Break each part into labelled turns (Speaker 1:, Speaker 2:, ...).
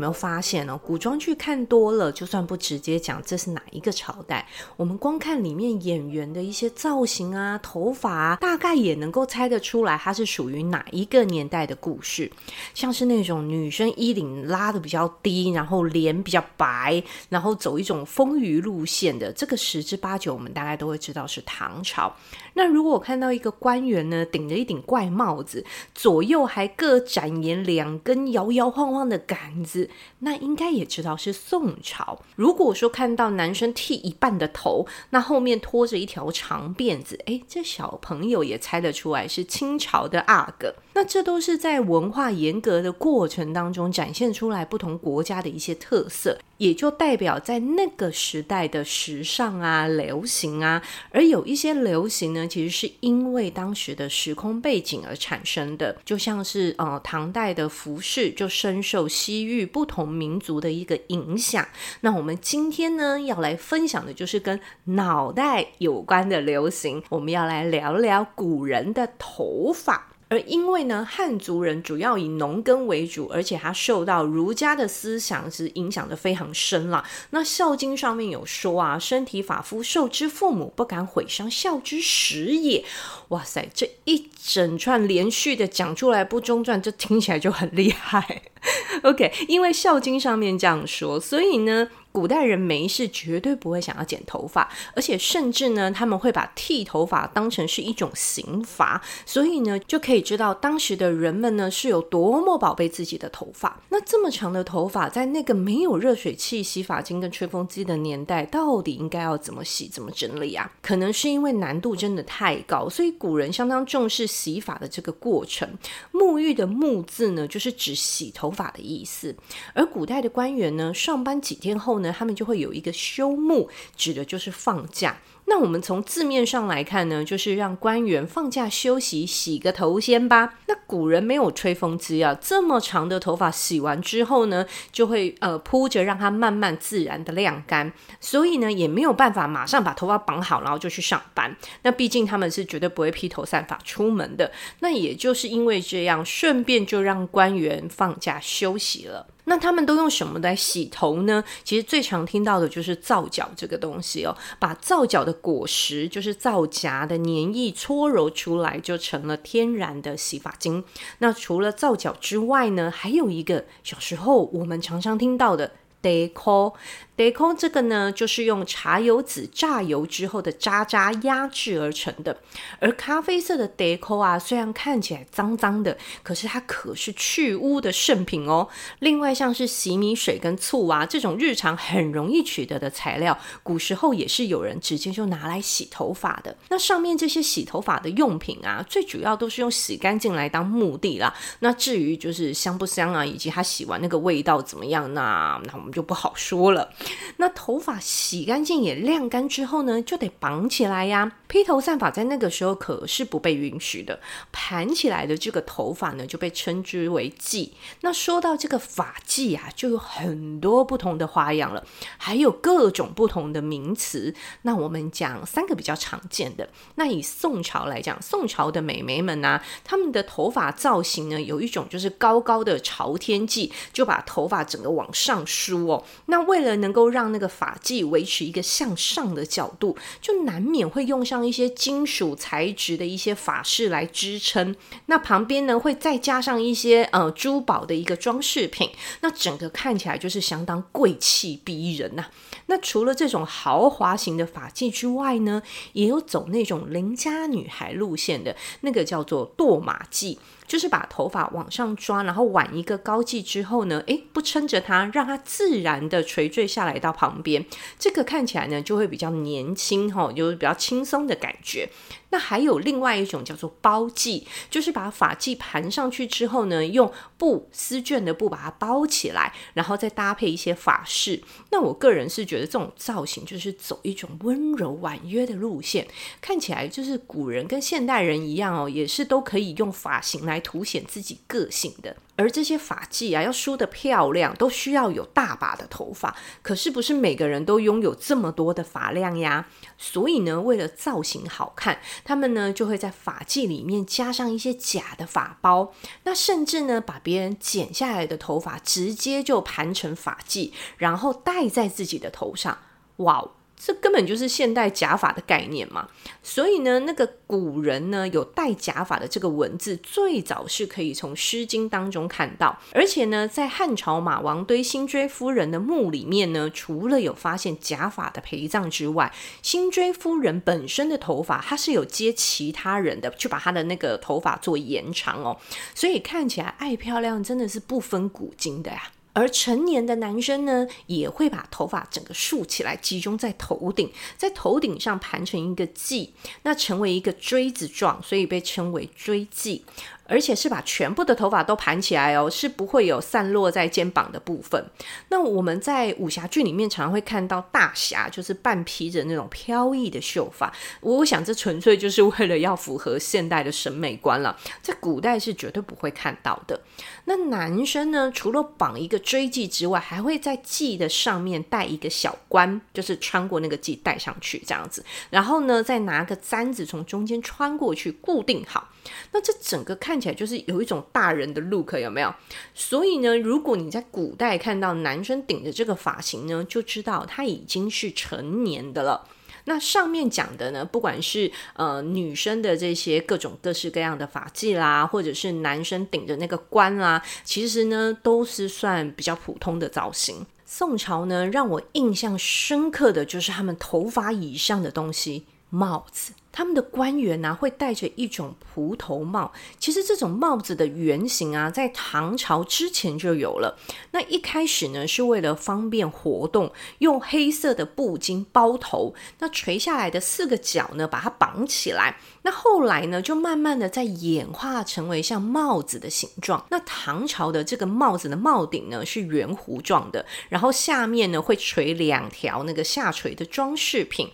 Speaker 1: 有沒有發現呢、哦？古裝劇看多了，就算不直接講這是哪一個朝代，我們光看裡面演員的一些造型啊、頭髮啊，大概也能夠猜得出來它是屬於哪一個年代的故事。像是那種女生衣領拉得比較低，然後臉比較白，然後走一種豐腴路線的，這個十之八九我們大概都會知道是唐朝。那如果我看到一個官員呢，頂着一頂怪帽子，左右還各展延兩根搖搖晃晃的杆子。那應該也知道是宋朝。如果說看到男生剃一半的頭，那後面拖着一條長辮子，哎，這小朋友也猜得出來是清朝的阿哥。那這都是在文化沿革的過程當中展現出來不同國家的一些特色。也就代表在那個時代的時尚啊、流行啊，而有一些流行呢，其實是因為當時的時空背景而產生的。就像是呃，唐代的服飾就深受西域不同民族的一個影響。那我們今天呢，要來分享的就是跟腦袋有關的流行，我們要來聊聊古人的頭髮。而因為呢，漢族人主要以農耕為主，而且他受到儒家的思想是影響得非常深啦。那《孝經》上面有說啊：“身體髮膚，受之父母，不敢毀傷，孝之始也。”哇塞，這一整串連續的講出來不中斷，這聽起來就很厲害。 OK，因為《孝經》上面這樣說，所以呢。古代人沒事絕對不會想要剪頭髮，而且甚至呢，他們會把剃頭髮當成是一種刑罰，所以呢，就可以知道當時的人們呢是有多麼寶貝自己的頭髮。那這麼長的頭髮，在那個沒有熱水器、洗髮精跟吹風機的年代，到底應該要怎麼洗、怎麼整理啊？可能是因為難度真的太高，所以古人相當重視洗髮的這個過程。沐浴的“沐”字呢，就是指洗頭髮的意思。而古代的官員呢，上班幾天後呢。那他們就會有一個休沐，指的就是放假。那我們從字面上來看呢，就是讓官員放假休息，洗個頭先吧。那古人沒有吹風機啊，這麼長的頭髮洗完之後呢，就會呃鋪着讓它慢慢自然的晾乾，所以呢也沒有辦法馬上把頭髮綁好，然後就去上班。那畢竟他們是絕對不會披頭散髮出門的。那也就是因為這樣，順便就讓官員放假休息了。那他們都用什麼來洗頭呢？其實最常聽到的就是皂角這個東西哦，把皂角的果實，就是皂莢的黏液搓揉出來，就成了天然的洗髮精。那除了皂角之外呢，還有一個小時候我們常常聽到的。Deco，Deco 這個呢，就是用茶油籽榨油之後的渣渣壓製而成的。而咖啡色的 Deco 啊，雖然看起來髒髒的，可是它可是去污的聖品哦。另外，像是洗米水跟醋啊這種日常很容易取得的材料，古時候也是有人直接就拿來洗頭髮的。那上面這些洗頭髮的用品啊，最主要都是用洗乾淨來當目的啦。那至於就是香不香啊，以及它洗完那個味道怎麼樣啊，呢？那我們就不好說了。那頭髮洗乾淨也晾乾之後呢，就得綁起來呀。披頭散髮在那個時候可是不被允許的。盤起來的這個頭髮呢，就被稱之為髻。那說到這個髮髻啊，就有很多不同的花樣了，還有各種不同的名詞。那我們講三個比較常見的。那以宋朝來講，宋朝的美眉們吶啊，她們的頭髮造型呢，有一種就是高高的朝天髻，就把頭髮整個往上梳。哦，那為了能夠讓那個髮髻維持一個向上的角度，就難免會用上一些金屬材質的一些髮飾來支撐。那旁邊呢，會再加上一些呃珠寶的一個裝飾品，那整個看起來就是相當貴氣逼人吶、啊。那除了這種豪華型的髮髻之外呢，也有走那種鄰家女孩路線的那個叫做墮馬髻。就是把頭髮往上抓，然後挽一個高髻之後呢，哎，不撐着它，讓它自然的垂墜下來到旁邊，這個看起來呢就會比較年輕、哦，吼，就是比較輕鬆的感覺。那還有另外一種叫做包髻，就是把髮髻盤上去之後呢，用布、絲絹的布把它包起來，然後再搭配一些髮飾。那我個人是覺得這種造型就是走一種溫柔婉約的路線，看起來就是古人跟現代人一樣哦，也是都可以用髮型來凸顯自己個性的。而這些髮髻啊，要梳得漂亮，都需要有大把的頭髮，可是不是每個人都擁有這麼多的髮量呀？所以呢，為了造型好看。他們呢，就會在髮髻裡面加上一些假的髮包，那甚至呢，把別人剪下來的頭髮直接就盤成髮髻，然後戴在自己的頭上，哇、wow！這根本就是現代假髮的概念嘛，所以呢，那個古人呢，有戴假髮的這個文字，最早是可以從《詩經》當中看到，而且呢，在漢朝馬王堆辛追夫人的墓裡面呢，除了有發現假髮的陪葬之外，辛追夫人本身的頭髮，她是有接其他人的，去把她的那個頭髮做延長哦，所以看起來愛漂亮真的是不分古今的呀。而成年的男生呢，也會把頭髮整個豎起來，集中在頭頂，在頭頂上盤成一個髻，那成為一個錐子狀，所以被稱為錐髻。而且是把全部的頭髮都盤起來哦，是不會有散落在肩膀的部分。那我們在武俠劇裡面常常會看到大俠，就是半披着那種飄逸的秀髮，我想這純粹就是為了要符合現代的審美觀了，在古代是絕對不會看到的。那男生呢，除了綁一個椎髻之外，還會在髻的上面戴一個小冠，就是穿過那個髻戴上去這樣子，然後呢，再拿個簪子從中間穿過去固定好。那這整個看。起來就是有一種大人的 look，有沒有？所以呢，如果你在古代看到男生頂着這個髮型呢，就知道他已經是成年的了。那上面講的呢，不管是呃女生的這些各種各式各樣的髮髻啦，或者是男生頂着那個冠啦，其實呢都是算比較普通的造型。宋朝呢，讓我印象深刻的就是他們頭髮以上的東西。帽子，他們的官員呢、啊、會戴着一種幞頭帽。其實這種帽子的原型啊，在唐朝之前就有了。那一開始呢，是為了方便活動，用黑色的布巾包頭，那垂下來的四個角呢，把它綁起來。那後來呢，就慢慢的在演化成為像帽子的形狀。那唐朝的這個帽子的帽頂呢是圓弧狀的，然後下面呢會垂兩條那個下垂的裝飾品。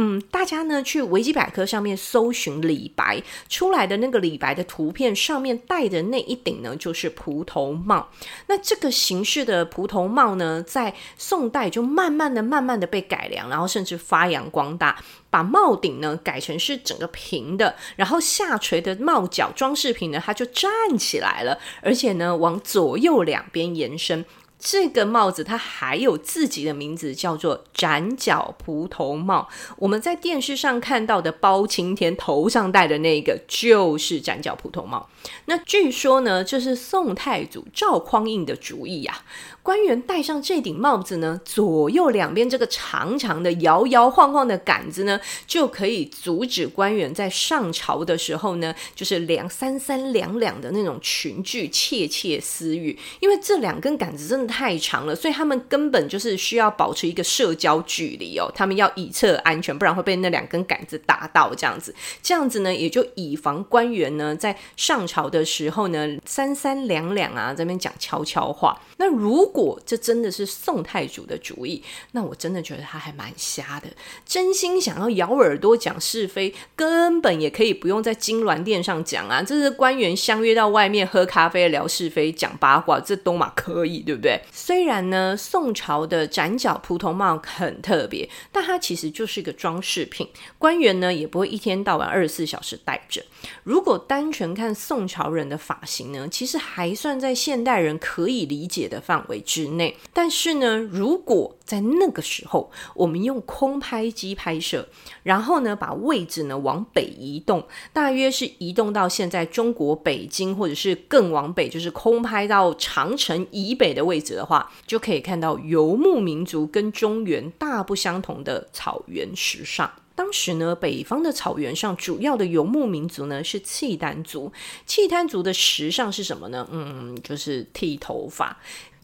Speaker 1: 嗯，大家呢，去維基百科上面搜尋李白出來的那個李白的圖片，上面戴的那一頂呢就是幞頭帽。那這個形式的幞頭帽呢，在宋代就慢慢的、慢慢的被改良，然後甚至發揚光大，把帽頂呢改成是整個平的，然後下垂的帽角裝飾品呢，它就站起來了，而且呢往左右兩邊延伸。這個帽子，它還有自己的名字，叫做展角幞頭帽。我們在電視上看到的包青天頭上戴的那個，就是展角幞頭帽。那據說呢，就是宋太祖趙匡胤的主意啊。官員戴上這頂帽子呢，左右兩邊這個長長的、搖搖晃晃的桿子呢，就可以阻止官員在上朝的時候呢，就是兩三三兩兩的那種群聚竊竊私語。因為這兩根桿子真的太長了，所以他們根本就是需要保持一個社交距離哦。他們要以策安全，不然會被那兩根桿子打到。這樣子，這樣子呢，也就以防官員呢在上朝，好的時候呢，三三兩兩啊，在那邊講悄悄話。那如果這真的是宋太祖的主意，那我真的覺得他還蠻瞎的。真心想要咬耳朵講是非，根本也可以不用在金鑾殿上講啊。這是官員相約到外面喝咖啡聊是非、講八卦，這都嘛可以，對不對？雖然呢，宋朝的展角幞頭帽很特別，但它其實就是一個裝飾品。官員呢，也不會一天到晚二十四小時戴着。如果單純看宋。宋朝人的髮型呢，其實還算在現代人可以理解的範圍之內。但是呢，如果在那個時候，我們用空拍機拍攝，然後呢，把位置呢往北移動，大約是移動到現在中國北京，或者是更往北，就是空拍到長城以北的位置的話，就可以看到遊牧民族跟中原大不相同的草原時尚。當時呢，北方的草原上主要的遊牧民族呢是契丹族。契丹族的時尚是什麼呢？嗯，就是剃頭髮。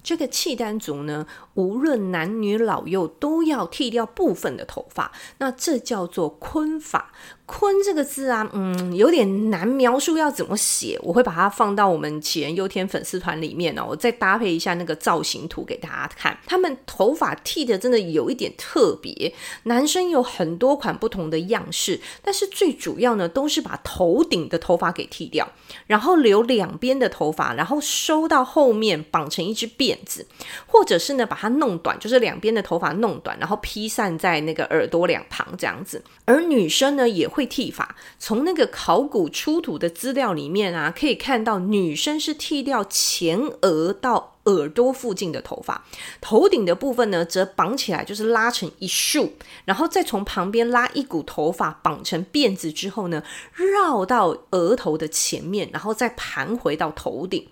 Speaker 1: 這個契丹族呢，無論男女老幼都要剃掉部分的頭髮，那這叫做髡髮。髡這個字啊，嗯，有點難描述要怎麼寫。我會把它放到我們杞人憂天粉絲團裡面哦，我再搭配一下那個造型圖給大家看。他們頭髮剃的真的有一點特別，男生有很多款不同的樣式，但是最主要呢，都是把頭頂的頭髮給剃掉，然後留兩邊的頭髮，然後收到後面綁成一支辮子，或者是呢把它弄短，就是兩邊的頭髮弄短，然後披散在那個耳朵兩旁這樣子。而女生呢也。會剃髮，從那個考古出土的資料裡面啊，可以看到女生是剃掉前額到。耳朵附近的頭髮，頭頂的部分呢，則綁起來就是拉成一束，然後再從旁邊拉一股頭髮，綁成辮子之後呢，繞到額頭的前面，然後再盤回到頭頂。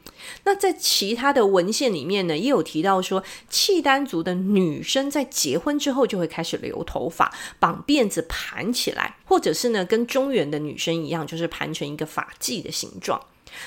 Speaker 1: 那在其他的文獻裡面呢，也有提到說，契丹族的女生在結婚之後就會開始留頭髮，綁辮子盤起來，或者是呢，跟中原的女生一樣，就是盤成一個髮髻的形狀。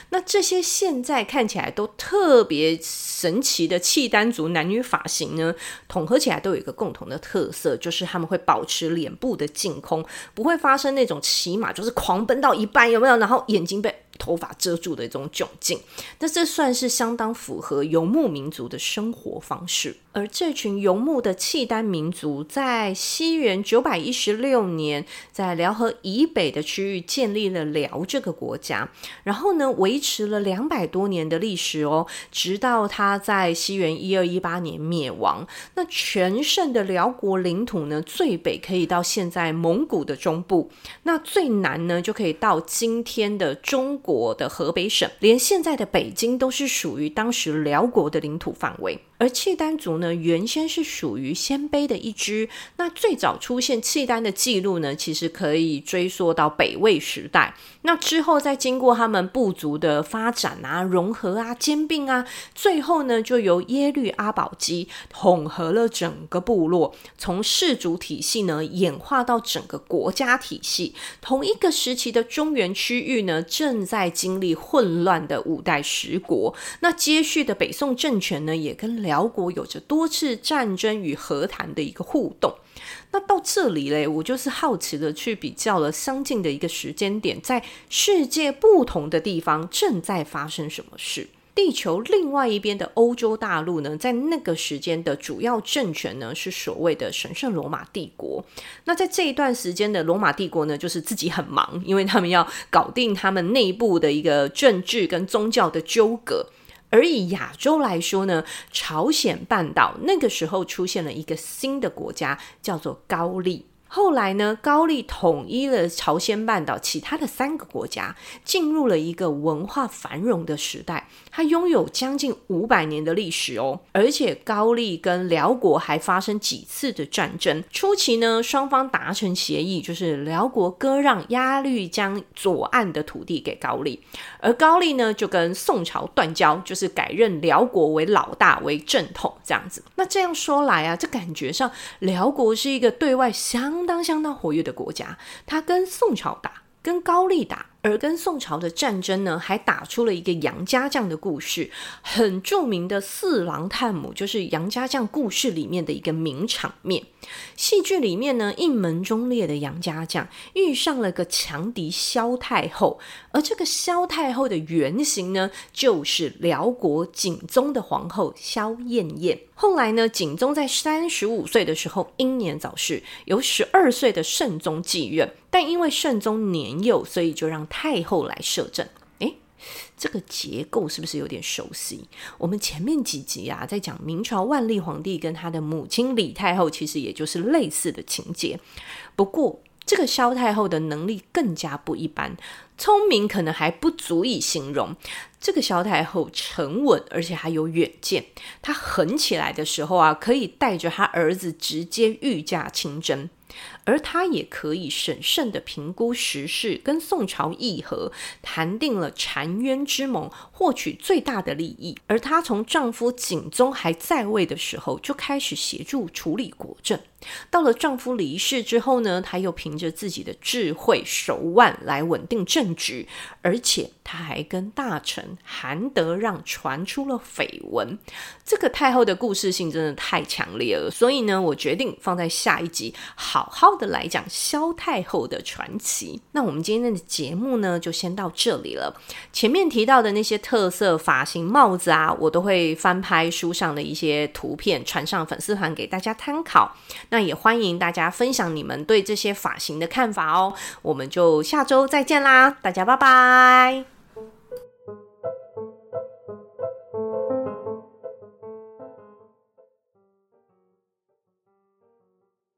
Speaker 1: 那這些現在看起來都特別神奇的契丹族男女髮型呢，統合起來都有一個共同的特色，就是他們會保持臉部的淨空，不會發生那種騎馬就是狂奔到一半有沒有，然後眼睛被。頭髮遮住的一種窘境，那這算是相當符合游牧民族的生活方式。而這群游牧的契丹民族，在西元九百一十六年，在遼河以北的區域建立了遼這個國家，然後呢，維持了兩百多年的歷史哦，直到他在西元一二一八年滅亡。那全盛的遼國領土呢，最北可以到現在蒙古的中部，那最南呢，就可以到今天的中國。我的河北省，連現在的北京都是屬於當時遼國的領土範圍。而契丹族呢，原先是屬於鮮卑的一支。那最早出現契丹的記錄呢，其實可以追溯到北魏時代。那之後再經過他們部族的發展啊、融合啊、兼併啊，最後呢，就由耶律阿保機統合了整個部落，從氏族體系呢演化到整個國家體系。同一個時期的中原區域呢，正在經歷混亂的五代十國。那接續的北宋政權呢，也跟遼國有着多次戰爭與和談的一個互動，那到這裡嘞，我就是好奇的去比較了相近的一個時間點，在世界不同的地方正在發生什麼事。地球另外一邊的歐洲大陸呢，在那個時間的主要政權呢，是所謂的神聖羅馬帝國。那在這一段時間的羅馬帝國呢，就是自己很忙，因為他們要搞定他們內部的一個政治跟宗教的糾葛。而以亞洲來說呢，朝鮮半島那個時候出現了一個新的國家，叫做高麗。後來呢，高麗統一了朝鮮半島其他的三個國家，進入了一個文化繁榮的時代。它擁有將近五百年的歷史哦，而且高麗跟遼國還發生幾次的戰爭。初期呢，雙方達成協議，就是遼國割讓鴨綠江左岸的土地給高麗，而高麗呢就跟宋朝斷交，就是改認遼國為老大為正統這樣子。那這樣說來啊，這感覺上遼國是一個對外相當相當活躍的國家，它跟宋朝打，跟高麗打。而跟宋朝的戰爭呢，還打出了一個楊家將的故事，很著名的四郎探母，就是楊家將故事裡面的一個名場面。戲劇裡面呢，一門忠烈的楊家將遇上了個強敵蕭太後，而這個蕭太後的原型呢，就是遼國景宗的皇后蕭燕燕。後來呢，景宗在三十五歲的時候英年早逝，由十二歲的聖宗繼任。但因為聖宗年幼，所以就讓太後來攝政。誒，這個結構是不是有點熟悉？我們前面幾集啊，在講明朝萬歷皇帝跟他的母親李太後，其實也就是類似的情節。不過，這個蕭太後的能力更加不一般，聰明可能還不足以形容。這個蕭太后沉穩，而且還有遠見。她狠起來的時候啊，可以帶着她兒子直接御駕親征。而她也可以審慎的評估時事，跟宋朝議和，談定了澶淵之盟，獲取最大的利益。而她從丈夫景宗還在位的時候就開始協助處理國政，到了丈夫離世之後呢，她又憑着自己的智慧手腕來穩定政局，而且她還跟大臣韓德讓傳出了緋聞。這個太後的故事性真的太強烈了，所以呢，我決定放在下一集好好。的來講，蕭太後的傳奇。那我們今天的節目呢，就先到這裡了。前面提到的那些特色髮型、帽子啊，我都會翻拍書上的一些圖片，傳上粉絲團給大家參考。那也歡迎大家分享你們對這些髮型的看法哦。我們就下周再見啦，大家拜拜。